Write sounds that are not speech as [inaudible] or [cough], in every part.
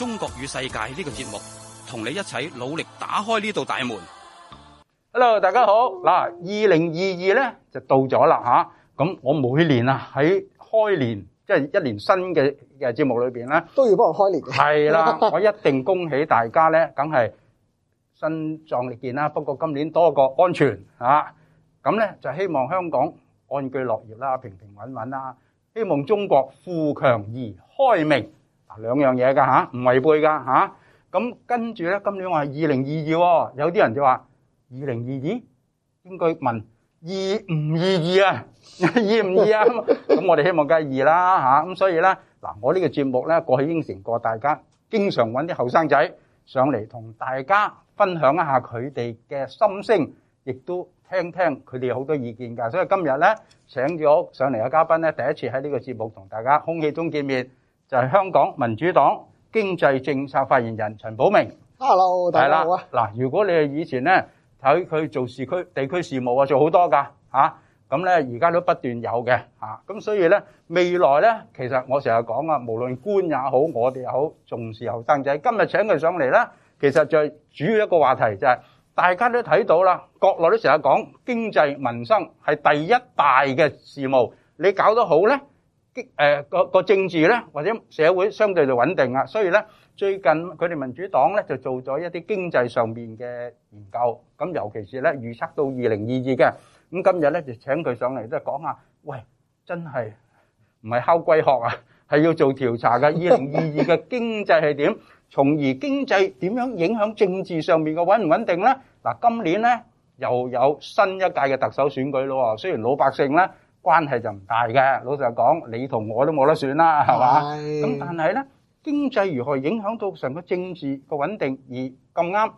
中國與世界呢個節目，同你一齊努力打開呢道大門。Hello，大家好。嗱，二零二二咧就到咗啦吓。咁、啊、我每年啊喺開年，即、就、係、是、一年新嘅嘅節目裏邊咧，都要幫我開年。係啦的， [laughs] 我一定恭喜大家咧，梗係身壯力健啦。不過今年多個安全吓，咁、啊、咧就希望香港安居樂業啦，平平穩穩啦。希望中國富強而開明。兩樣嘢噶嚇，唔違背噶嚇。咁跟住咧，今年我係二零二二，有啲人就話二零二二，應該問二唔二二啊？二唔二啊？咁我哋希望計二啦嚇。咁所以咧，嗱，我呢個節目咧，過去應承過大家，經常揾啲後生仔上嚟同大家分享一下佢哋嘅心聲，亦都聽聽佢哋好多意見噶。所以今日咧請咗上嚟嘅嘉賓咧，第一次喺呢個節目同大家空氣中見面。就係香港民主黨經濟政策發言人陳寶明。Hello，大家好啊！嗱，如果你係以前咧睇佢做市區地區事務啊，做好多㗎嚇，咁咧而家都不斷有嘅嚇，咁所以咧未來咧，其實我成日講啊，無論官也好，我哋也好，重視後生仔。今日請佢上嚟咧，其實最主要一個話題就係大家都睇到啦，國內都成日講經濟民生係第一大嘅事務，你搞得好咧。誒，個個政治咧或者社會相對就穩定呀，所以咧最近佢哋民主黨咧就做咗一啲經濟上面嘅研究，咁尤其是咧預測到二零二二嘅，咁今日咧就請佢上嚟都係講下，喂，真係唔係敲龜殼啊，係要做調查嘅二零二二嘅經濟係點，從而經濟點樣影響政治上面嘅穩唔穩定咧？嗱，今年咧又有新一屆嘅特首選舉咯，雖然老百姓咧。關係就唔大嘅，老實講，你同我都冇得算啦，係嘛？咁但係咧，經濟如何影響到成個政治嘅穩定？而咁啱，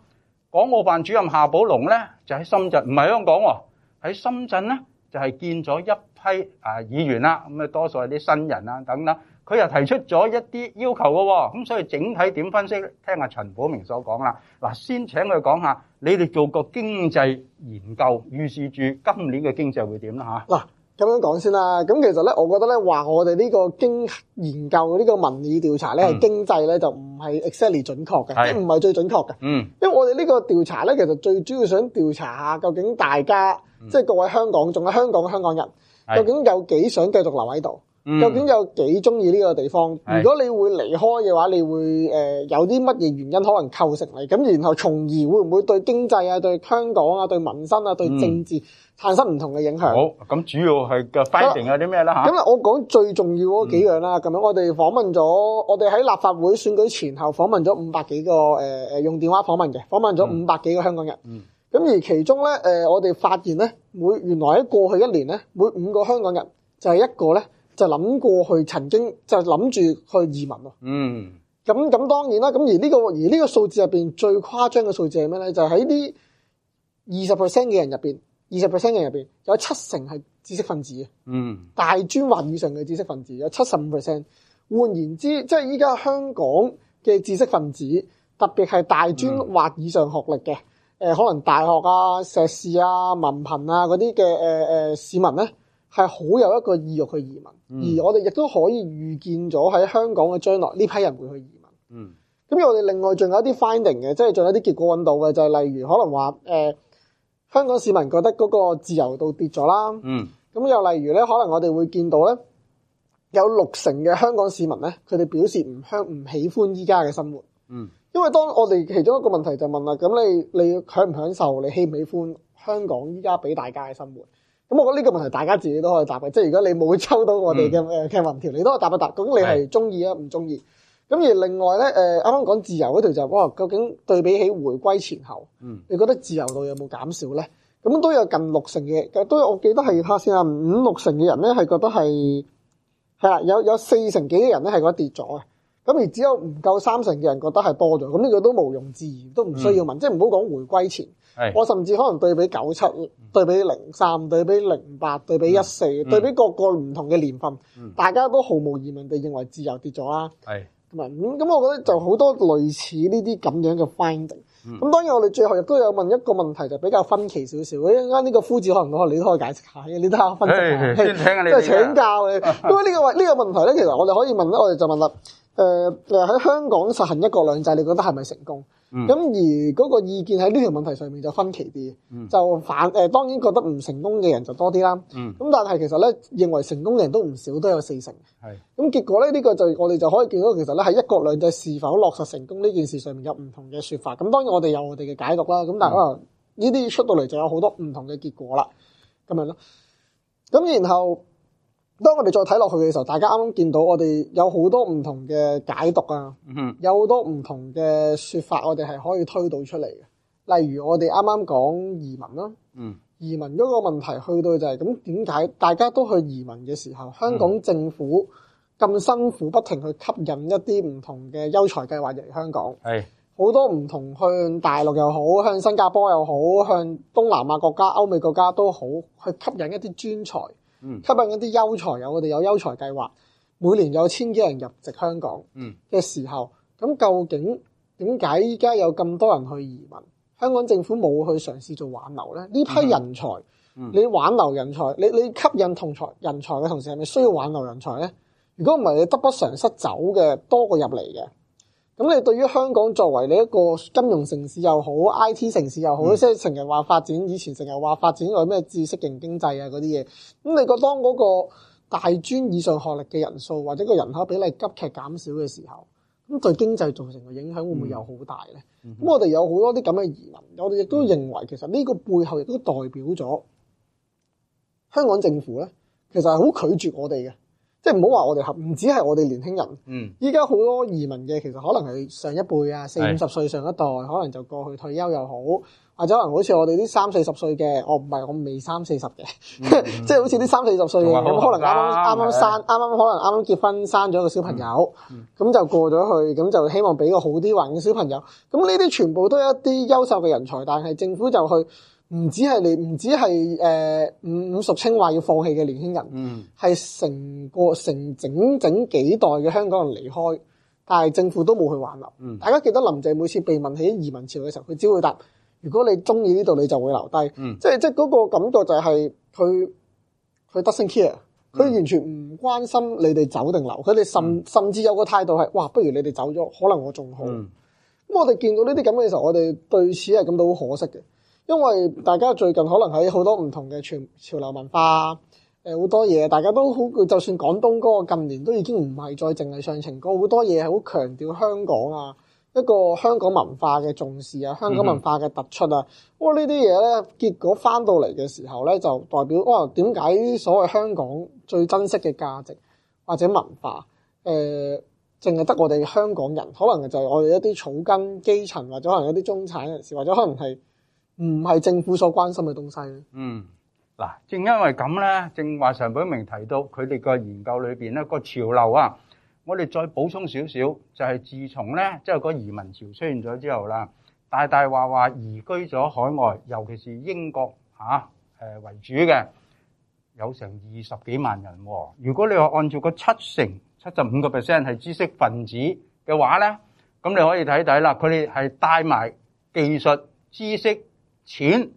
港澳辦主任夏寶龍咧就喺深圳，唔係香港喎，喺深圳咧就係見咗一批啊議員啦，咁啊多數係啲新人啦等等，佢又提出咗一啲要求嘅，咁所以整體點分析？聽下陳寶明所講啦，嗱，先請佢講下，你哋做個經濟研究，預示住今年嘅經濟會點啦嚇哇。咁樣講先啦，咁其實咧，我覺得咧，話我哋呢個經研究呢個民意調查咧，係經濟咧就唔係 exactly 準確嘅，唔係、嗯、最準確嘅。嗯，因為我哋呢個調查咧，其實最主要想調查下究竟大家，嗯、即係各位香港仲係香港嘅香港人，嗯、究竟有幾想繼續留喺度，嗯、究竟有幾鍾意呢個地方。嗯、如果你會離開嘅話，你會誒有啲乜嘢原因可能構成你咁，然後從而會唔會對經濟啊、對香港啊、對民生啊、對政治，嗯產生唔同嘅影響。好咁，主要係個 finding 有啲咩啦嚇？咁啊，我講最重要嗰幾樣啦。咁樣、嗯、我哋訪問咗，我哋喺立法會選舉前後訪問咗五百幾個誒誒、呃、用電話訪問嘅，訪問咗五百幾個香港人。嗯。咁而其中咧誒，我哋發現咧，每原來喺過去一年咧，每五個香港人就係一個咧就諗過去曾經就諗、係、住去移民咯。嗯。咁咁當然啦。咁而呢、呢個而呢個數字入邊最誇張嘅數字係咩咧？就係喺啲二十 percent 嘅人入邊。二十 percent 嘅入邊有七成係知識分子，嗯，大專或以上嘅知識分子有七十五 percent。換言之，即係依家香港嘅知識分子，特別係大專或以上學歷嘅，誒、嗯呃、可能大學啊、碩士啊、文憑啊嗰啲嘅誒誒市民咧，係好有一個意欲去移民。嗯、而我哋亦都可以預見咗喺香港嘅將來呢批人會去移民。嗯，咁我哋另外仲有一啲 finding 嘅，即係仲有啲結果揾到嘅，就係、是、例如可能話誒。呃呃香港市民覺得嗰個自由度跌咗啦。嗯，咁又例如咧，可能我哋會見到咧有六成嘅香港市民咧，佢哋表示唔香唔喜歡依家嘅生活。嗯，因為當我哋其中一個問題就問啦，咁你你享唔享受？你喜唔喜歡香港依家俾大家嘅生活？咁我覺得呢個問題大家自己都可以答嘅，即係如果你冇抽到我哋嘅嘅問條，你都可以答一答。究竟你係中意啊，唔中意？咁而另外咧，誒啱啱講自由嗰條就係，哇！究竟對比起回歸前後，嗯，你覺得自由度有冇減少咧？咁都有近六成嘅，都有，我記得係睇下先啊，五六成嘅人咧係覺得係係啦，有有四成幾嘅人咧係覺得跌咗嘅，咁而只有唔夠三成嘅人覺得係多咗，咁呢個都毋庸置疑，都唔需要問，嗯、即係唔好講回歸前，嗯、我甚至可能對比九七、嗯，對比零三，對比零八，對比一四、嗯，嗯、對比各個唔同嘅年份，大家都毫無疑問地認為自由跌咗啦。係。咁咁，嗯、我覺得就好多類似呢啲咁樣嘅 finding、嗯。咁當然我哋最後亦都有問一個問題，就比較分歧少少。我依家呢個夫子可能，我你都可以解釋下嘅，你得下分析即係請教你。因為呢個呢個問題咧，其實我哋可以問，我哋就問啦。誒誒，喺、呃、香港實行一國兩制，你覺得係咪成功？咁、嗯、而嗰個意見喺呢條問題上面就分歧啲，嗯、就反誒、呃，當然覺得唔成功嘅人就多啲啦。咁、嗯、但係其實咧，認為成功嘅人都唔少，都有四成。係咁是、嗯、結果咧，呢、這個就我哋就可以見到，其實咧係一國兩制是否落實成功呢件事上面有唔同嘅說法。咁當然我哋有我哋嘅解讀啦。咁但係可能呢啲出到嚟就有好多唔同嘅結果啦。咁樣咯。咁然後。當我哋再睇落去嘅時候，大家啱啱見到我哋有好多唔同嘅解讀啊，嗯、哼有好多唔同嘅說法，我哋係可以推導出嚟嘅。例如我哋啱啱講移民啦、啊，嗯、移民嗰個問題去到就係、是、咁，點解大家都去移民嘅時候，香港政府咁辛苦，不停去吸引一啲唔同嘅優才計劃入嚟香港，係好、嗯、多唔同向大陸又好，向新加坡又好，向東南亞國家、歐美國家都好，去吸引一啲專才。吸引一啲優才，有我哋有優才計劃，每年有千幾人入籍香港嘅時候，咁、嗯、究竟點解依家有咁多人去移民？香港政府冇去嘗試做挽留呢？呢批人才，嗯、你挽留人才，你你吸引同才人才嘅同時，係咪需要挽留人才呢？如果唔係，你得不償失走嘅多過入嚟嘅。咁你對於香港作為你一個金融城市又好，IT 城市又好，嗯、即係成日話發展，以前成日話發展，有咩知識型經濟啊嗰啲嘢？咁你覺得當嗰個大專以上學歷嘅人數或者個人口比例急劇減少嘅時候，咁對經濟造成嘅影響會唔會又好大呢？咁、嗯嗯、我哋有好多啲咁嘅疑問，我哋亦都認為其實呢個背後亦都代表咗香港政府呢，其實係好拒絕我哋嘅。即係唔好話我哋合，唔止係我哋年輕人，嗯，依家好多移民嘅，其實可能係上一輩啊，四五十歲上一代，可能就過去退休又好，或者可能好似我哋啲三四十歲嘅，嗯、我唔係我未三四十嘅，嗯、 [laughs] 即係好似啲三四十歲嘅，咁樣可能啱啱啱啱生，啱啱可能啱啱結婚生咗個小朋友，咁、嗯嗯、就過咗去，咁就希望俾個好啲環境小朋友，咁呢啲全部都係一啲優秀嘅人才，但係政府就去。唔止係你，唔止係誒伍伍淑清話要放棄嘅年輕人，係成、嗯、個成整整幾代嘅香港人離開，但係政府都冇去挽留。嗯、大家記得林鄭每次被問起移民潮嘅時候，佢只會答：如果你中意呢度，你就會留低、嗯。即係即係嗰個感覺就係佢佢 doesn't care，佢完全唔關心你哋走定留。佢哋、嗯、甚甚至有個態度係：哇，不如你哋走咗，可能我仲好。咁、嗯嗯、我哋見到呢啲咁嘅時候，我哋對此係感到好可惜嘅。因為大家最近可能喺好多唔同嘅全潮流文化誒、啊，好、呃、多嘢，大家都好。就算廣東歌，近年都已經唔係再淨係唱情歌，好多嘢係好強調香港啊一個香港文化嘅重視啊，香港文化嘅突出啊。哇、嗯嗯！不過呢啲嘢咧，結果返到嚟嘅時候咧，就代表哇，點解所謂香港最珍惜嘅價值或者文化誒，淨係得我哋香港人，可能就係我哋一啲草根基層，或者可能一啲中產人士，或者可能係。唔係政府所關心嘅東西。嗯，嗱，正因為咁咧，正話常本明提到佢哋嘅研究裏邊咧、那個潮流啊，我哋再補充少少，就係、是、自從咧即係個移民潮出現咗之後啦，大大話話移居咗海外，尤其是英國吓誒、啊啊、為主嘅，有成二十幾萬人。如果你話按照個七成七十五個 percent 係知識分子嘅話咧，咁你可以睇睇啦，佢哋係帶埋技術知識。錢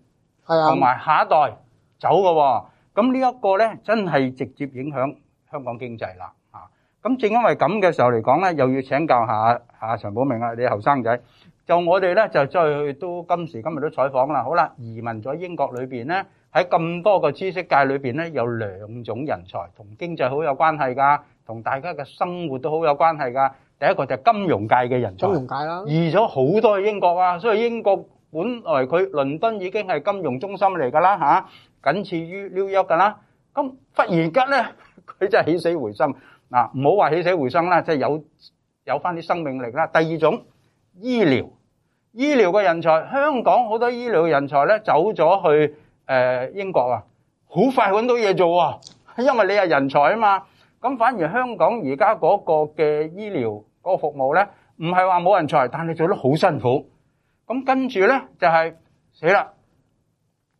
係呀，同埋下一代走嘅，咁呢一個咧真係直接影響香港經濟啦。啊，咁正因為咁嘅時候嚟講咧，又要請教下下陳寶明啦，你後生仔，就我哋咧就再去都今時今日都採訪啦。好啦，移民咗英國裏邊咧，喺咁多個知識界裏邊咧，有兩種人才同經濟好有關係㗎，同大家嘅生活都好有關係㗎。第一個就係金融界嘅人才，金融界啦，移咗好多去英國啊，所以英國。本來佢倫敦已經係金融中心嚟㗎啦，嚇，僅次於紐約㗎啦。咁忽然間咧，佢真係起死回生。嗱，唔好話起死回生啦，即係有有返啲生命力啦。第二種醫療，醫療嘅人才，香港好多醫療嘅人才咧，走咗去誒英國啊，好快揾到嘢做啊，因為你係人才啊嘛。咁反而香港而家嗰個嘅醫療嗰個服務咧，唔係話冇人才，但係做得好辛苦。咁跟住咧就係死啦，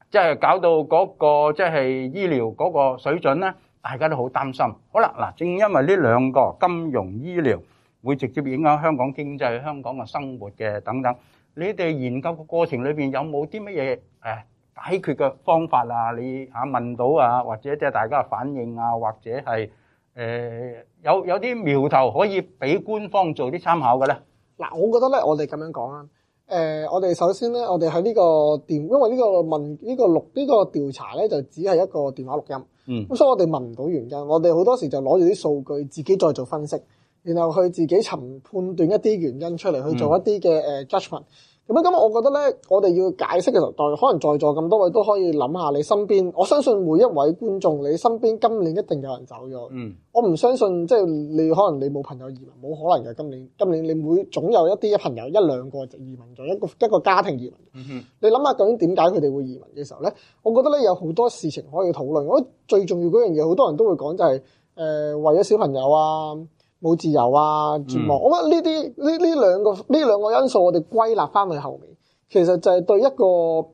即係搞到嗰個即係醫療嗰個水準咧，大家都好擔心。好啦，嗱，正因為呢兩個金融、醫療會直接影響香港經濟、香港嘅生活嘅等等，你哋研究嘅過程裏邊有冇啲乜嘢誒解決嘅方法啊？你嚇問到啊，或者即係大家嘅反應啊，或者係誒有有啲苗頭可以俾官方做啲參考嘅咧？嗱，我覺得咧，我哋咁樣講啊。誒、呃，我哋首先咧，我哋喺呢個電，因為呢個問呢、呢個錄呢、呢個調查咧，就只係一個電話錄音，嗯，咁所以我哋問唔到原因。我哋好多時就攞住啲數據自己再做分析，然後去自己尋判斷一啲原因出嚟，去做一啲嘅誒、uh, judgment。咁我覺得咧，我哋要解釋嘅時候，可能在座咁多位都可以諗下你身邊。我相信每一位觀眾，你身邊今年一定有人走咗。嗯，我唔相信即係你可能你冇朋友移民，冇可能嘅。今年今年你每總有一啲朋友一兩個就移民咗，一個一個家庭移民。嗯哼 你諗下究竟點解佢哋會移民嘅時候咧？我覺得咧有好多事情可以討論。我覺得最重要嗰樣嘢，好多人都會講就係、是、誒、呃、為咗小朋友啊。冇自由啊，絕望，我覺得呢啲呢呢兩個呢兩個因素，我哋歸納翻去後面，其實就係對一個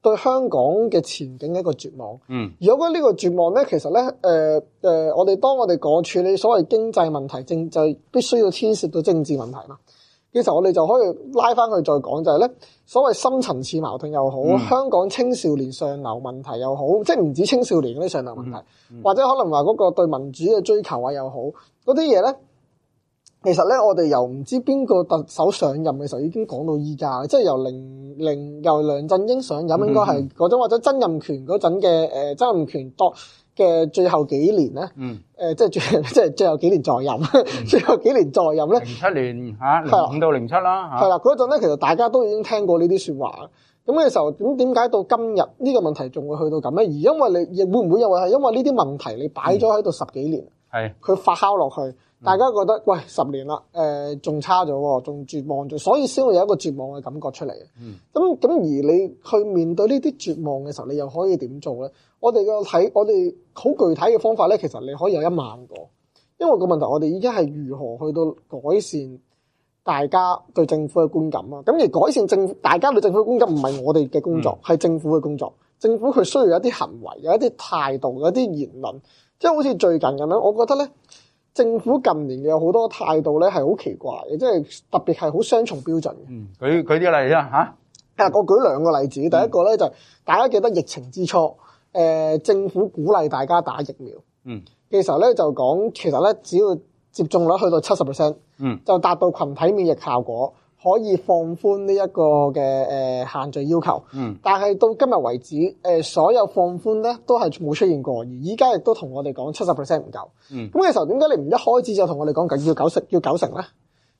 對香港嘅前景一個絕望。嗯，而我覺得呢個絕望呢，其實呢，誒、呃、誒、呃，我哋當我哋講處理所謂經濟問題，政就必須要牽涉到政治問題啦。其實我哋就可以拉翻去再講，就係呢所謂深層次矛盾又好，嗯、香港青少年上流問題又好，即係唔止青少年嗰啲上流問題，嗯嗯嗯、或者可能話嗰個對民主嘅追求啊又好，嗰啲嘢呢。其實咧，我哋由唔知邊個特首上任嘅時候已經講到依家，即係由零零，由梁振英上任應該係嗰陣，或者曾蔭權嗰陣嘅，誒，曾蔭權度嘅最後幾年咧，誒、嗯呃、即係最即係最後幾年在任，嗯、最後幾年在任咧。零七年嚇，係、啊、五到零七啦嚇。係啦，嗰陣咧，其實大家都已經聽過呢啲説話，咁嘅時候，咁點解到今日呢個問題仲會去到咁咧？而因為你亦會唔會又係因為呢啲問題你擺咗喺度十幾年，係佢、嗯、發酵落去。大家覺得，喂，十年啦，誒、呃、仲差咗，仲絕望咗，所以先會有一個絕望嘅感覺出嚟。嗯，咁咁而你去面對呢啲絕望嘅時候，你又可以點做咧？我哋個睇我哋好具體嘅方法咧，其實你可以有一萬個，因為個問題我哋而家係如何去到改善大家對政府嘅觀感啊。咁而改善政府大家對政府嘅觀感唔係我哋嘅工作，係、嗯、政府嘅工作。政府佢需要有一啲行為，有一啲態度，有一啲言論，即係好似最近咁樣，我覺得咧。政府近年有好多態度咧係好奇怪嘅，即係特別係好雙重標準嘅。嗯，舉舉啲例子啊嚇，啊，啊我舉兩個例子，第一個咧就係嗯、大家記得疫情之初，誒、呃、政府鼓勵大家打疫苗，嗯嘅時候咧就講，其實咧只要接種率去到七十 percent，嗯就達到群體免疫效果。可以放寬呢一個嘅誒限聚要求，嗯，但係到今日為止，誒所有放寬咧都係冇出現過。而依家亦都同我哋講七十 percent 唔夠，嗯，咁嘅時候點解你唔一開始就同我哋講緊要九成？要九成咧？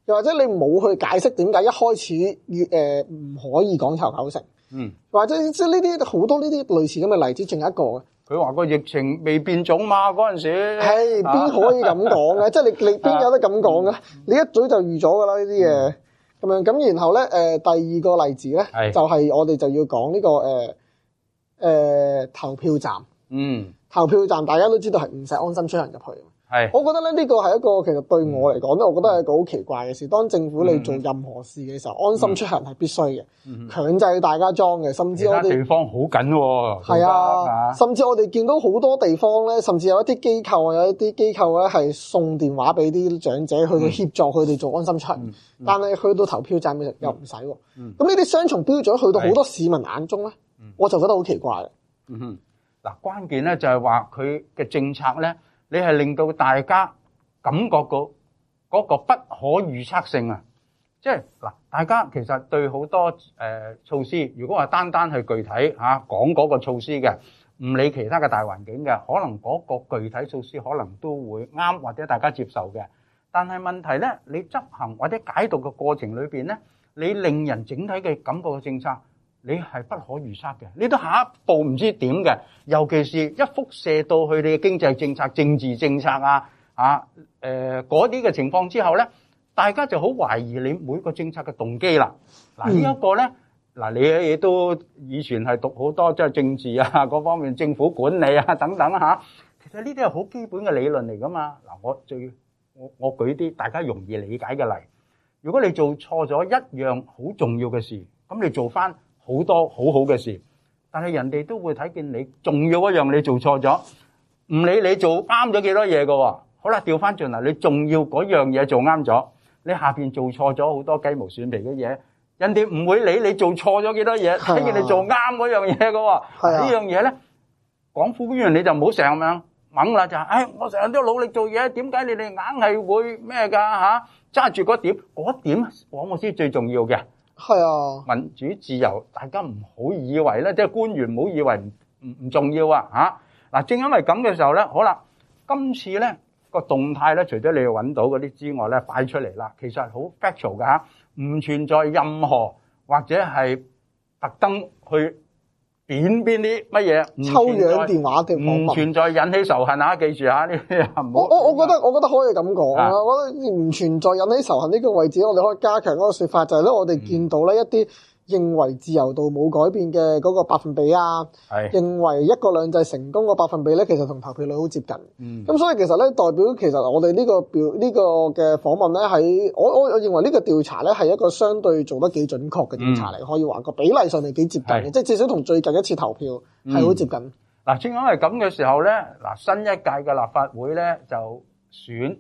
又或者你冇去解釋點解一開始越誒唔可以講求九成，嗯，或者即係呢啲好多呢啲類似咁嘅例子，淨係一個嘅。佢話個疫情未變種嘛，嗰陣時係邊、哎、可以咁講嘅？ [laughs] 即係你你邊有得咁講嘅？你，嗯嗯、你一早就預咗噶啦呢啲嘢。咁樣咁然後咧，誒、呃、第二個例子咧，是就係我哋就要講呢、這個誒誒、呃呃、投票站。嗯，投票站大家都知道係唔使安心出行入去。係，是我覺得咧呢個係一個其實對我嚟講咧，嗯、我覺得係一個好奇怪嘅事。當政府你做任何事嘅時候，安心出行係必須嘅，強制大家裝嘅，甚至其他地方好緊、啊，係啊，啊，甚至我哋見到好多地方咧，甚至有一啲機構啊，有一啲機構咧係送電話俾啲長者去協助佢哋做安心出行，但係去到投票站其實又唔使，咁呢啲雙重標準去到好多市民眼中咧，是的 我就覺得好奇怪。嗯哼，嗱關鍵咧就係話佢嘅政策咧。你係令到大家感覺到嗰個不可預測性啊，即係嗱，大家其實對好多誒措施，如果話單單去具體吓講嗰個措施嘅，唔理其他嘅大環境嘅，可能嗰個具體措施可能都會啱或者大家接受嘅。但係問題咧，你執行或者解讀嘅過程裏邊咧，你令人整體嘅感覺嘅政策。你係不可預測嘅，你都下一步唔知點嘅。尤其是一輻射到去你嘅經濟政策、政治政策啊啊，誒嗰啲嘅情況之後咧，大家就好懷疑你每個政策嘅動機啦。嗱，呢一個咧嗱，你亦都以前係讀好多即係政治啊各方面、政府管理啊等等嚇。其實呢啲係好基本嘅理論嚟噶嘛嗱。我最我我舉啲大家容易理解嘅例，如果你做錯咗一樣好重要嘅事，咁你做翻好多好好嘅事，但係人哋都會睇見你重要一樣你做錯咗，唔理你做啱咗幾多嘢嘅。好啦，調翻轉嚟，你仲要嗰樣嘢做啱咗，你下邊做錯咗好多雞毛蒜皮嘅嘢，人哋唔會理你做錯咗幾多嘢，睇見你做啱嗰樣嘢嘅。呢樣嘢咧，廣府呢樣你就唔好成日咁樣猛啦，就係，唉，我成日都努力做嘢，點解你哋硬係會咩噶吓？揸住嗰點，嗰點，黃老師最重要嘅。係啊，民主自由，大家唔好以為咧，即係官員唔好以為唔唔重要啊嚇。嗱，正因為咁嘅時候咧，好啦，今次咧，個動態咧，除咗你要揾到嗰啲之外咧，快出嚟啦，其實係好 factual 噶，唔存在任何或者係特登去。扁邊啲乜嘢？抽樣電話嘅網唔存在引起仇恨啊！記住啊，呢啲唔好。我我我覺得我覺得可以咁講啊，的我覺得唔存在引起仇恨呢個位置，我哋可以加強嗰個說法，就係咧我哋見到咧一啲。認為自由度冇改變嘅嗰個百分比啊，係的認為一國兩制成功個百分比咧，其實同投票率好接近，嗯，咁、嗯、所以其實咧，代表其實我哋、這個這個、呢個表呢個嘅訪問咧，喺我我我認為呢個調查咧係一個相對做得幾準確嘅調查嚟，可以話個比例上係幾接近嘅，嗯、即係至少同最近一次投票係好接近。嗱、嗯嗯，正因為咁嘅時候咧，嗱新一屆嘅立法會咧就選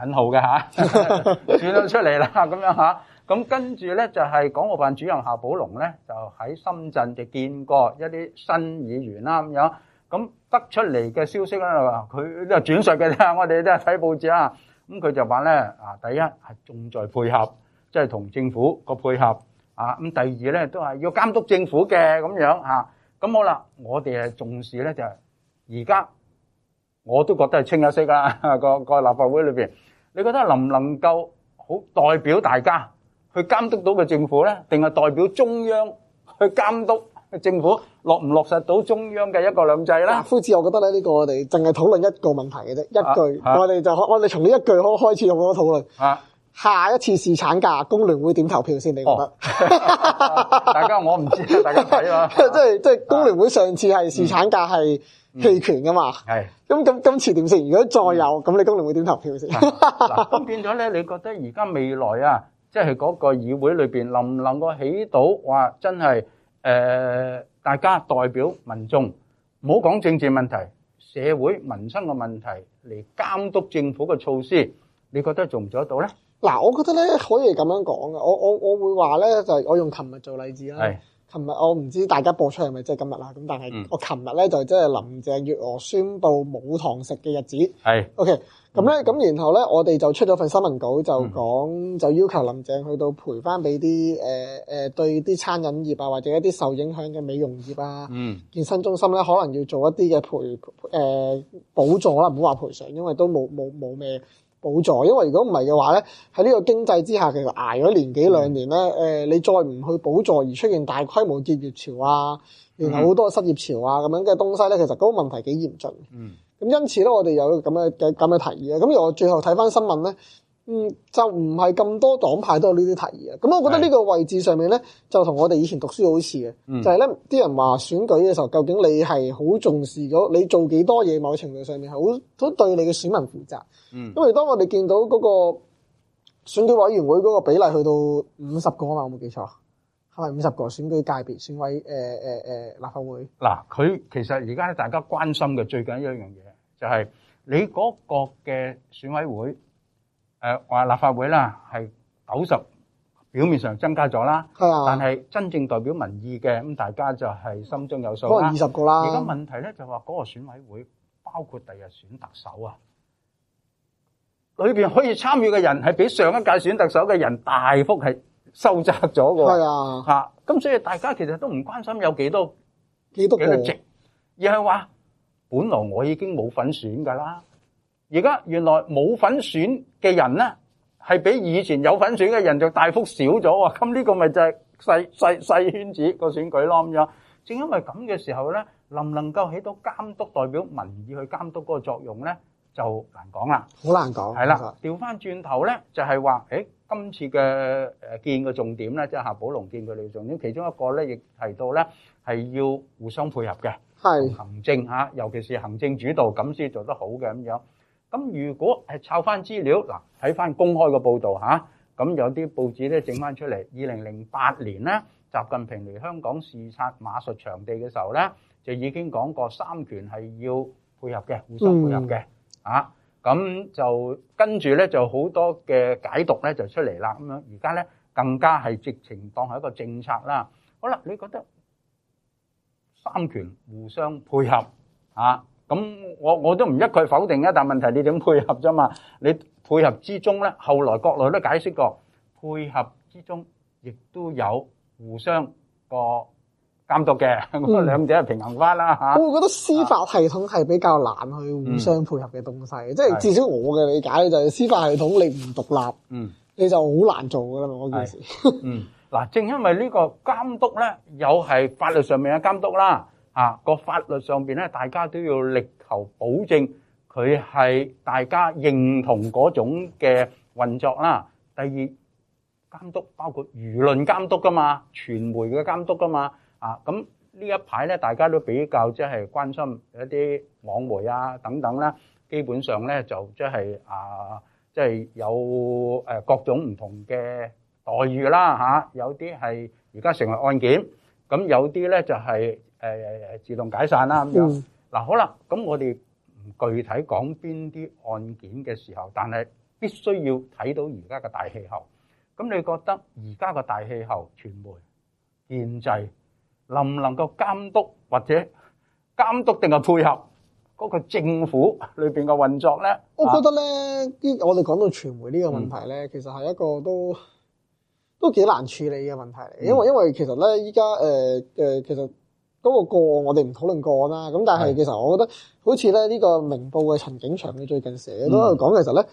誒引號嘅吓，呃啊、 [laughs] [laughs] 選咗出嚟啦，咁樣吓。咁跟住咧就係港澳辦主任夏寶龍咧，就喺深圳就見過一啲新議員啦咁樣。咁得出嚟嘅消息咧，佢都係轉述嘅啦，我哋都係睇報紙啦。咁佢就話咧，啊第一係重在配合，即係同政府個配合啊。咁第二咧都係要監督政府嘅咁樣嚇。咁好啦，我哋係重視咧，就係而家我都覺得係清一色啦。個個立法會裏邊，你覺得能唔能夠好代表大家？去監督到嘅政府咧，定係代表中央去監督政府落唔落實到中央嘅一國兩制啦？夫子，我覺得咧呢個我哋淨係討論一個問題嘅啫，一句、啊、我哋就我哋從呢一句可開始好多討論。啊、下一次試產假，工聯會點投票先？啊、你覺得？ [laughs] 大家我唔知，大家睇啦。 [laughs] [laughs] 即係即係工聯會上次係試產假係棄權噶嘛？係、嗯。咁咁今次點先？如果再有，咁你工聯會點投票先？咁變咗咧？你覺得而家未來啊？即係嗰個議會裏邊能唔能夠起到話真係誒大家代表民眾，唔好講政治問題，社會民生嘅問題嚟監督政府嘅措施，你覺得做唔做得到咧？嗱，我覺得咧可以咁樣講㗎。我我我會話咧就係我用琴日做例子啦。係。琴日我唔知大家播出係咪即係今日啦？咁但係我琴日咧就即、是、係林鄭月娥宣佈冇堂食嘅日子，係是，OK，咁咧，咁然後咧、嗯，我哋就出咗份新聞稿就講，嗯、就要求林鄭去到賠翻俾啲，誒、呃、誒，對啲餐飲業啊，或者一啲受影響嘅美容業啊，嗯，健身中心咧，可能要做一啲嘅賠，誒、呃，補助啦，唔好話賠償，因為都冇冇冇咩。補助，因為如果唔係嘅話咧，喺呢個經濟之下其實捱咗年幾兩年咧，誒、嗯呃、你再唔去補助而出現大規模結業潮啊，然後好多失業潮啊咁樣嘅東西咧，其實嗰個問題幾嚴峻。嗯，咁因此咧，我哋有咁嘅咁嘅提議啊。咁我最後睇翻新聞咧。嗯，就唔係咁多黨派都有呢啲提議啊。咁我覺得呢個位置上面咧，就同我哋以前讀書好似嘅，嗯、就係咧啲人話選舉嘅時候，究竟你係好重視咗，你做幾多嘢，某程度上面係好好對你嘅選民負責。嗯，因為當我哋見到嗰個選舉委員會嗰個比例去到五十個啊嘛，我冇記錯係咪五十個選舉界別選委？誒誒誒，立法會嗱，佢其實而家大家關心嘅最緊要一樣嘢，就係、是、你嗰個嘅選委會。誒話立法會啦，係九十，表面上增加咗啦，係啊。但係真正代表民意嘅咁，大家就係心中有數啦。二十個啦。而家問題咧就話嗰個選委會包括第日選特首啊，裏邊可以參與嘅人係比上一屆選特首嘅人大幅係收窄咗嘅。係啊。嚇！咁所以大家其實都唔關心有幾多幾多幾多席，而係話本來我已經冇份選㗎啦。而家原來冇粉選嘅人咧，係比以前有粉選嘅人就大幅少咗喎。咁呢個咪就係細細細圈子個選舉咯咁樣。正因為咁嘅時候咧，能唔能夠起到監督代表民意去監督嗰個作用咧，就難講啦。好難講。係啦，調翻轉頭咧，就係話，誒今次嘅誒見嘅重點咧，即係夏寶龍見佢哋嘅重點，其中一個咧，亦提到咧係要互相配合嘅，同行政嚇，尤其是行政主導咁先做得好嘅咁樣。咁如果係摷翻資料，嗱睇翻公開嘅報道嚇，咁有啲報紙咧整翻出嚟，二零零八年咧，習近平嚟香港視察馬術場地嘅時候咧，就已經講過三權係要配合嘅，互相配合嘅，啊，咁就跟住咧就好多嘅解讀咧就出嚟啦，咁樣而家咧更加係直情當係一個政策啦。好啦，你覺得三權互相配合啊？咁我我都唔一概否定啊，但問題你點配合啫嘛？你配合之中咧，後來國內都解釋過，配合之中亦都有互相個監督嘅，咁啊兩者係平衡翻啦嚇。我會覺得司法系統係比較難去互相配合嘅東西，即係至少我嘅理解就係司法系統你唔獨立，嗯，你就好難做噶啦嘛嗰件事。嗯，嗱，正因為呢個監督咧，有係法律上面嘅監督啦。啊！個法律上邊咧，大家都要力求保證佢係大家認同嗰種嘅運作啦。第二，監督包括輿論監督㗎嘛，傳媒嘅監督㗎嘛。啊，咁呢一排咧，大家都比較即係關心一啲網媒啊等等啦。基本上咧就即係啊，即係有誒各種唔同嘅待遇啦嚇。有啲係而家成立案件，咁有啲咧就係。誒誒誒，自動解散啦咁樣。嗱，好啦咁我哋唔具體講邊啲案件嘅時候，但係必須要睇到而家嘅大氣候。咁你覺得而家嘅大氣候，傳媒、建制能唔能夠監督或者監督定係配合嗰個政府裏邊嘅運作咧？我覺得咧，啲我哋講到傳媒呢個問題咧，其實係一個都都幾難處理嘅問題嚟。因為因為其實咧，依家誒誒，其實。嗰個個案，我哋唔討論個案啦。咁但係其實我覺得，是好似咧呢個明報嘅陳景祥佢最近寫都喺度講、嗯、其實咧。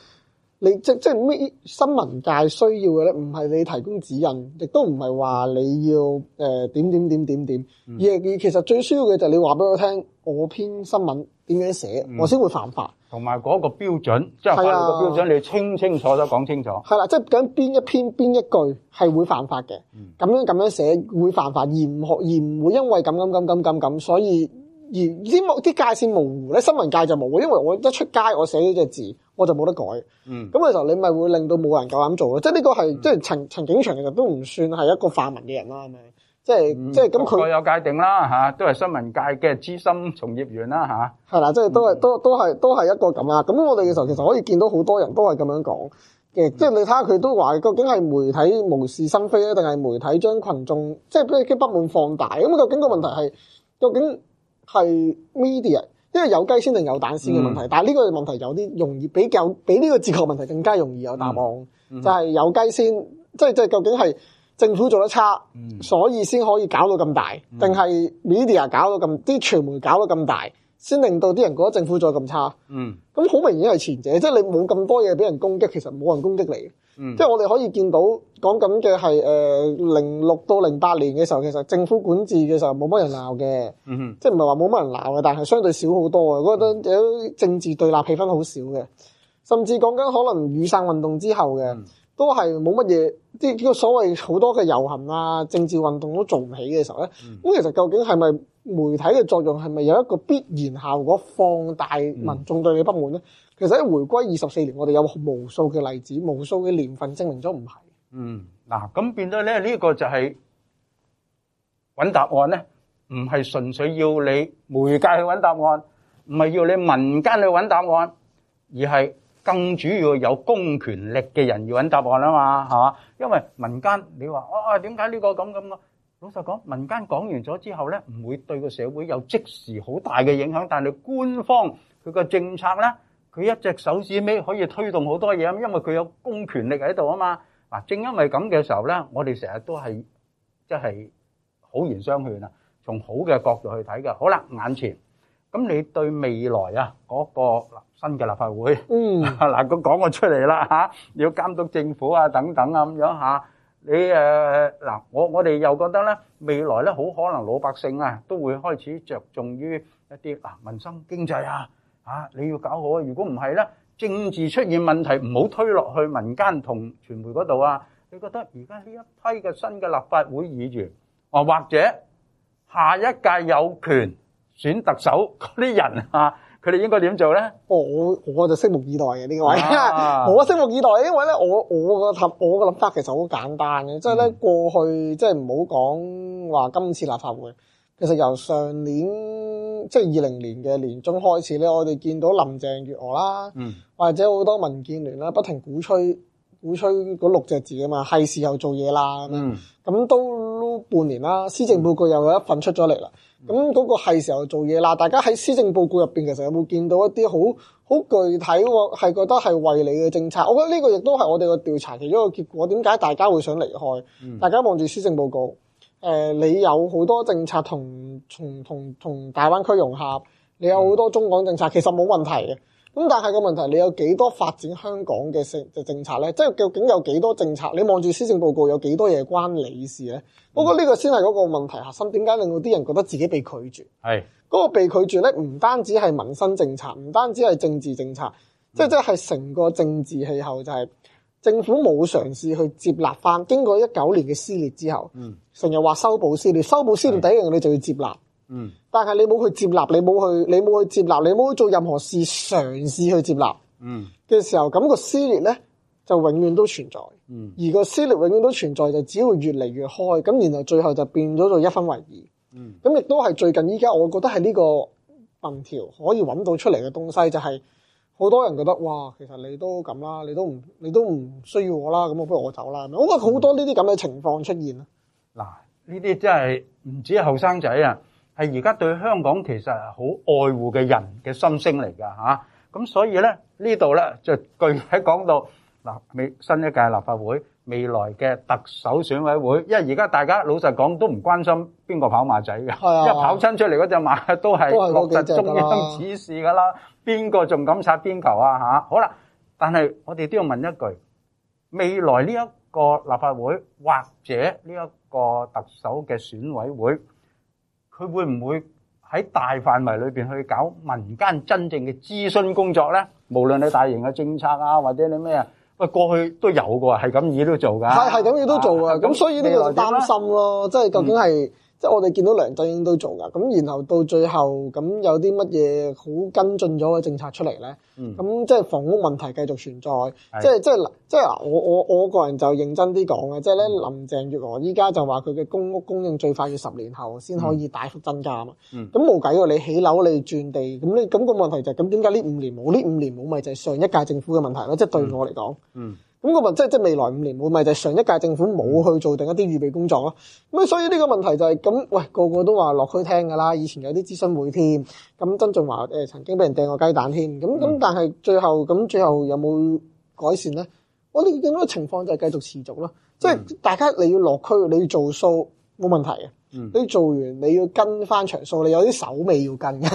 你即即係咩新聞界需要嘅咧？唔係你提供指引，亦都唔係話你要誒、呃、點點點點點，而其實最需要嘅就係你話俾我聽，我篇新聞點樣寫，嗯、我先會犯法。同埋嗰個標準，即係個標準，你清清楚楚講清楚。係啦，即係講邊一篇邊一句係會犯法嘅，咁樣咁樣寫會犯法，而唔學而唔會因為咁咁咁咁咁咁，所以。而啲啲界線模糊咧，新聞界就模糊，因為我一出街我寫呢隻字我就冇得改。嗯，咁嘅時候你咪會令到冇人夠膽做咯。即係呢個係即係陳陳景祥其實都唔算係一個泛民嘅人啦，係咪？即係、嗯、即係咁佢有界定啦，嚇、啊，都係新聞界嘅資深從業員啦，嚇、啊。係啦，即係都係、嗯、都都係都係一個咁啊。咁我哋嘅時候其實可以見到好多人都係咁樣講嘅，即係、嗯、你睇下佢都話究竟係媒體無事生非咧，定係媒體將群眾即係俾啲不滿放大？咁究竟個問題係究竟？係 media，因為有雞先定有蛋先嘅問題，嗯、但係呢個問題有啲容易，比較比呢個哲學問題更加容易有答案，就係有雞先，即係即係究竟係政府做得差，所以先可以搞到咁大，定係 media 搞到咁啲傳媒搞到咁大，先令到啲人覺得政府做得咁差。嗯，咁好明顯係前者，即係你冇咁多嘢俾人攻擊，其實冇人攻擊你。嗯、即係我哋可以見到講緊嘅係誒零六到零八年嘅時候，其實政府管治嘅時候冇乜人鬧嘅，嗯、哼即係唔係話冇乜人鬧嘅，但係相對少好多嘅，覺得政治對立氣氛好少嘅，甚至講緊可能雨傘運動之後嘅，都係冇乜嘢，呢個所謂好多嘅遊行啊、政治運動都做唔起嘅時候咧，咁、嗯、其實究竟係咪媒體嘅作用係咪有一個必然效果放大民眾對你不滿呢？其實喺回歸二十四年，我哋有無數嘅例子，無數嘅年份證明咗唔係。嗯，嗱，咁變咗咧，呢一個就係揾答案咧，唔係純粹要你媒介去揾答案，唔係要你民間去揾答案，而係更主要有公權力嘅人要揾答案啊嘛，係嘛？因為民間你話，哦，點解呢個咁咁咯？老實講，民間講完咗之後咧，唔會對個社會有即時好大嘅影響，但係官方佢個政策咧。佢一隻手指尾可以推動好多嘢，因為佢有公權力喺度啊嘛。嗱，正因為咁嘅時候咧，我哋成日都係即係好言相勸啊，從好嘅角度去睇嘅。好啦，眼前咁你對未來啊嗰個新嘅立法會，嗯，嗱，佢講咗出嚟啦嚇，要監督政府啊等等啊咁樣嚇。你誒嗱，我我哋又覺得咧，未來咧好可能老百姓啊都會開始著重於一啲啊民生經濟啊。啊！你要搞好啊！如果唔係咧，政治出現問題，唔好推落去民間同傳媒嗰度啊！你覺得而家呢一批嘅新嘅立法會議員啊，或者下一屆有權選特首嗰啲人啊，佢哋應該點做咧？我我就拭目以待嘅呢、這個位，啊、 [laughs] 我拭目以待，因為咧，我我個諗我個諗法其實好簡單嘅，即係咧過去即係唔好講話今次立法會。其實由上年即係二零年嘅年中開始咧，我哋見到林鄭月娥啦，嗯，或者好多民建聯啦，不停鼓吹鼓吹嗰六隻字啊嘛，係時候做嘢啦。嗯，咁都半年啦，施政報告又有一份出咗嚟啦。咁嗰、嗯、個係時候做嘢啦，大家喺施政報告入邊其實有冇見到一啲好好具體喎？係覺得係為你嘅政策，我覺得呢個亦都係我哋個調查其中一個結果。點解大家會想離開？嗯、大家望住施政報告。誒、呃，你有好多政策同從同同，同大灣區融合，你有好多中港政策，其實冇問題嘅。咁但係個問題，你有幾多發展香港嘅政就政策咧？即係究竟有幾多政策？你望住施政報告有幾多嘢關你事咧？我覺得呢個先係嗰個問題核心。點解令到啲人覺得自己被拒絕？係是 嗰個被拒絕咧，唔單止係民生政策，唔單止係政治政策，即係即係成個政治氣候就係、是。政府冇嘗試去接納翻，經過一九年嘅撕裂之後，嗯，成日話修補撕裂，修補撕裂第一樣嘢你就要接納，嗯，但係你冇去接納，你冇去，你冇去接納，你冇去做任何事嘗試去接納，嗯，嘅時候，咁個撕裂咧就永遠都存在，嗯，而個撕裂永遠都存在就只會越嚟越開，咁然後最後就變咗做一分為二，嗯，咁亦都係最近依家我覺得係呢個民調可以揾到出嚟嘅東西就係。好多人覺得哇，其實你都咁啦，你都唔你都唔需要我啦，咁我不如我走啦，咁啊好多呢啲咁嘅情況出現啦。嗱，呢啲真係唔止係後生仔啊，係而家對香港其實好愛護嘅人嘅心聲嚟㗎嚇。咁所以咧呢度咧就具體講到嗱，未新一屆立法會。未來嘅特首選委會，因為而家大家老實講都唔關心邊個跑馬仔嘅，係啊，因為跑親出嚟嗰隻馬都係落實中央指示㗎啦，邊個仲敢插邊球啊？吓！好啦，但係我哋都要問一句：未來呢一個立法會或者呢一個特首嘅選委會，佢會唔會喺大範圍裏邊去搞民間真正嘅諮詢工作咧？無論你大型嘅政策啊，或者你咩啊？喂，過去都有㗎，係咁樣都做㗎，係係咁樣都做㗎，咁、啊、所以呢個擔心咯，即係究竟係。嗯即係我哋見到梁振英都做㗎，咁然後到最後咁有啲乜嘢好跟進咗個政策出嚟咧？嗯，咁即係房屋問題繼續存在，即係即係即係啊！我我我個人就認真啲講嘅，即係咧林鄭月娥依家就話佢嘅公屋供應最快要十年後先可以大幅增加啊嘛。嗯，咁冇計喎，你起樓你轉地咁你咁個問題就係咁點解呢五年冇呢五年冇咪就係上一屆政府嘅問題咯？即係對我嚟講，嗯。咁個問即係即係未來五年冇，咪就係上一屆政府冇去做定一啲預備工作咯。咁所以呢個問題就係、是、咁，喂個個都話落區聽噶啦。以前有啲諮詢會添，咁曾俊華誒曾經俾人掟個雞蛋添。咁咁、嗯，但係最後咁最後有冇改善咧？我哋見到情況就係繼續持續咯。即、就、係、是、大家你要落區，你要做數冇問題嘅。你做完你要跟翻場數，你有啲手尾要跟嘅。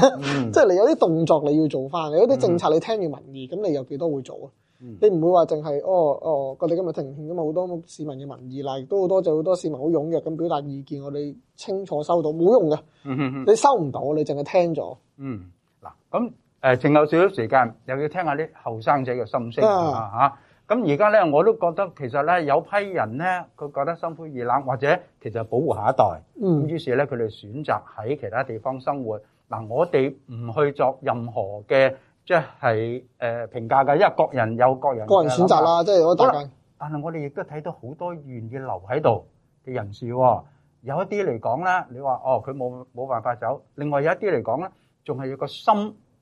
即係、嗯、 [laughs] 你有啲動作你要做翻，你有啲政策你聽住民意，咁你有幾多會做啊？嗯、你唔會話淨係哦哦，我、哦、哋、哦、今日停唔停咁啊？好多市民嘅民意啦，亦都好多就好多市民好踴躍咁表達意見，我哋清楚收到，冇用嘅。嗯嗯、你收唔到，你淨係聽咗。嗯，嗱，咁、呃、誒，剩有少少時間，又要聽下啲後生仔嘅心聲、嗯、啊嚇。咁而家咧，我都覺得其實咧有批人咧，佢覺得心灰意冷，或者其實保護下一代。咁於是咧，佢哋選擇喺其他地方生活。嗱、嗯，我哋唔去作任何嘅，即係誒評價嘅，因為各人有各人各人選擇啦，即係我覺得。但係我哋亦都睇到好多願意留喺度嘅人士喎，有一啲嚟講咧，你話哦佢冇冇辦法走，另外有一啲嚟講咧，仲係要個心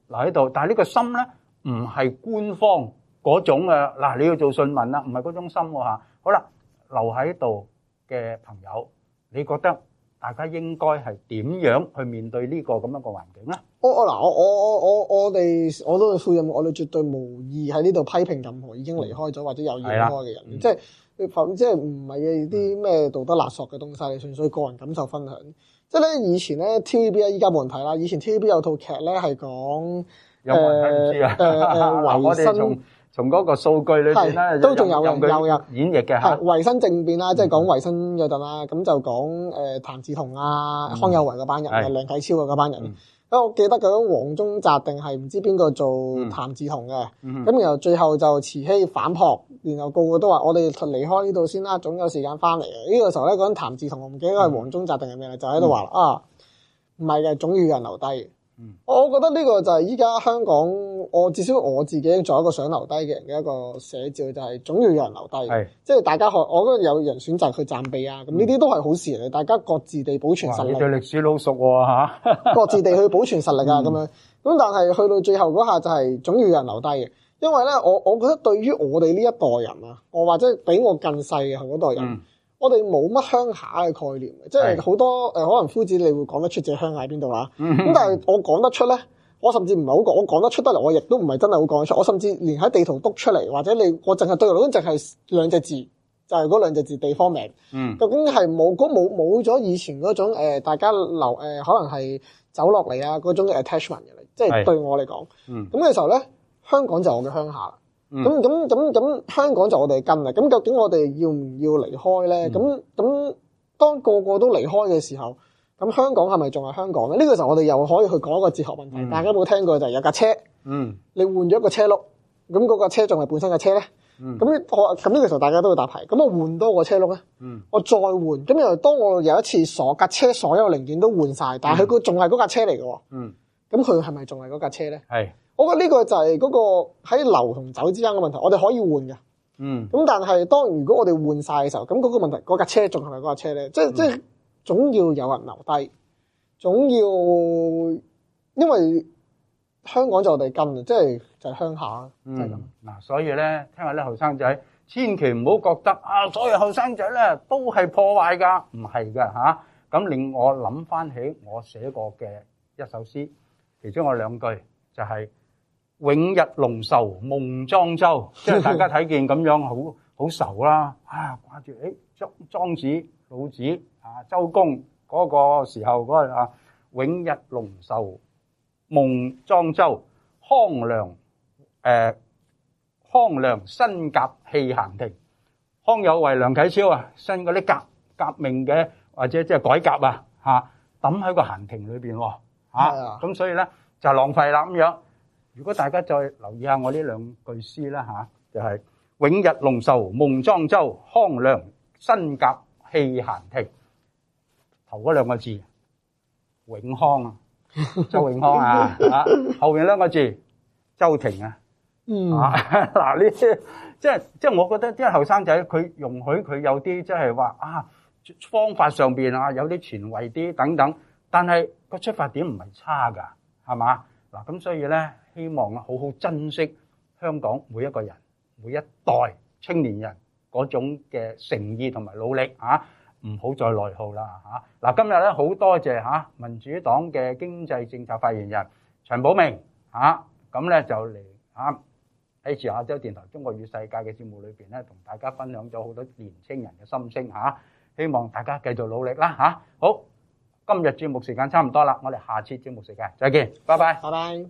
留喺度，但係呢個心咧唔係官方嗰種嘅，嗱你要做信民啦，唔係嗰種心喎嚇。好啦，留喺度嘅朋友，你覺得？大家應該係點樣去面對呢個咁樣嘅環境咧？我我嗱，我我我我我哋我都係負任，我哋絕對無意喺呢度批評任何已經離開咗或者有意離開嘅人，即係即係唔係啲咩道德勒索嘅東西，純粹個人感受分享。即係咧，以前咧 TVB 依家冇人睇啦。以前 TVB 有套劇咧係講誒誒維生。從嗰個數據裏都仲有嘅，有有，有演繹嘅，維新政變啦，即係講維新嗰陣啦，咁、嗯、就講誒譚嗣同啊、嗯、康有為嗰班人梁啟超嗰班人。咁我記得嗰陣黃宗澤定係唔知邊個做譚嗣同嘅，咁、嗯嗯、然後最後就慈禧反撲，然後個個都話：我哋離開呢度先啦，總有時間翻嚟嘅。呢、這個時候咧，嗰陣譚嗣同，我唔記得係黃宗澤定係咩啦，就喺度話啊，唔係嘅，總要有，有人留低。我覺得呢個就係依家香港，我至少我自己做一個想留低嘅人嘅一個寫照，就係總要有人留低，是即係大家可，我覺得有人選擇去暫避啊，咁呢啲都係好事嚟，大家各自地保存實力。你對歷史老熟喎、啊、吓， [laughs] 各自地去保存實力啊，咁、嗯、樣，咁但係去到最後嗰下就係總要有人留低嘅，因為咧我我覺得對於我哋呢一代人啊，我或者比我更細嘅嗰代人。嗯我哋冇乜鄉下嘅概念是即係好多誒、呃，可能夫子你會講得出隻鄉下喺邊度啦？咁、嗯、哼但係我講得出咧，我甚至唔係好講，我講得出得嚟，我亦都唔係真係好講得出，我甚至連喺地圖督出嚟，或者你我淨係對路，我淨係兩隻字，就係、是、嗰兩隻字地方名。嗯、究竟係冇冇冇咗以前嗰種、呃、大家留誒、呃，可能係走落嚟啊嗰種 attachment 嘅，即係對我嚟講。嗯，咁嘅、嗯、時候咧，香港就係我嘅鄉下。咁咁咁咁香港就我哋跟啦，咁究竟我哋要唔要離開咧？咁咁、嗯、當個個都離開嘅時候，咁香港係咪仲係香港咧？呢個時候我哋又可以去講一個哲學問題。大家有冇聽過就係有架車，嗯，你換咗個車轆，咁嗰架車仲係本身嘅車咧？咁我咁呢個時候大家都會答題。咁我換多個車轆咧，嗯，我再換，咁又後當我有一次鎖架車所有零件都換晒，但係佢仲係嗰架車嚟嘅喎，嗯，咁佢係咪仲係嗰架車咧？係是。我覺得呢個就係嗰個喺樓同酒之間嘅問題，我哋可以換嘅。嗯，咁但係當如果我哋換晒嘅時候，咁、那、嗰個問題，嗰、那、架、個、車仲係咪嗰架車咧？即即、嗯、總要有人留低，總要因為香港就我哋啊，即係就，是、就是鄉下，嗯、就係、是、咁。嗱、嗯，所以咧，聽下啲後生仔，千祈唔好覺得啊，所有後生仔咧都係破壞噶，唔係噶嚇。咁、啊、令我諗返起我寫過嘅一首詩，其中有兩句就係、是。永日龍愁夢莊周，即係大家睇見咁樣，好好愁啦！啊，掛住誒，莊莊子、老子啊，周公嗰個時候嗰個啊，永日龍愁夢莊周，康梁誒，康梁新甲棄行庭，康有為、梁啟超啊，新嗰啲革革命嘅或者即係改革啊，吓抌喺個行庭裏邊喎，吓咁所以咧就係浪費啦咁樣。如果大家再留意下我呢兩句詩啦嚇，就係、是、永日龍壽夢莊周，康良新甲氣閒庭。頭嗰兩個字永康啊，周永康啊，嚇。後面兩個字周庭啊。嗯。嗱，呢即即即，我覺得啲後生仔佢容許佢有啲即係話啊方法上邊啊有啲前衞啲等等，但係個出發點唔係差㗎，係嘛，嗱咁，所以咧。希望啊，好好珍惜香港每一個人每一代青年人嗰種嘅誠意同埋努力嚇，唔好再內耗啦嚇。嗱，今日咧好多謝嚇民主黨嘅經濟政策發言人陳寶明嚇，咁咧就嚟嚇喺住亞洲電台《中國與世界》嘅節目裏邊咧，同大家分享咗好多年青人嘅心聲嚇。希望大家繼續努力啦嚇。好，今日節目時間差唔多啦，我哋下次節目時間再見，拜拜，拜拜。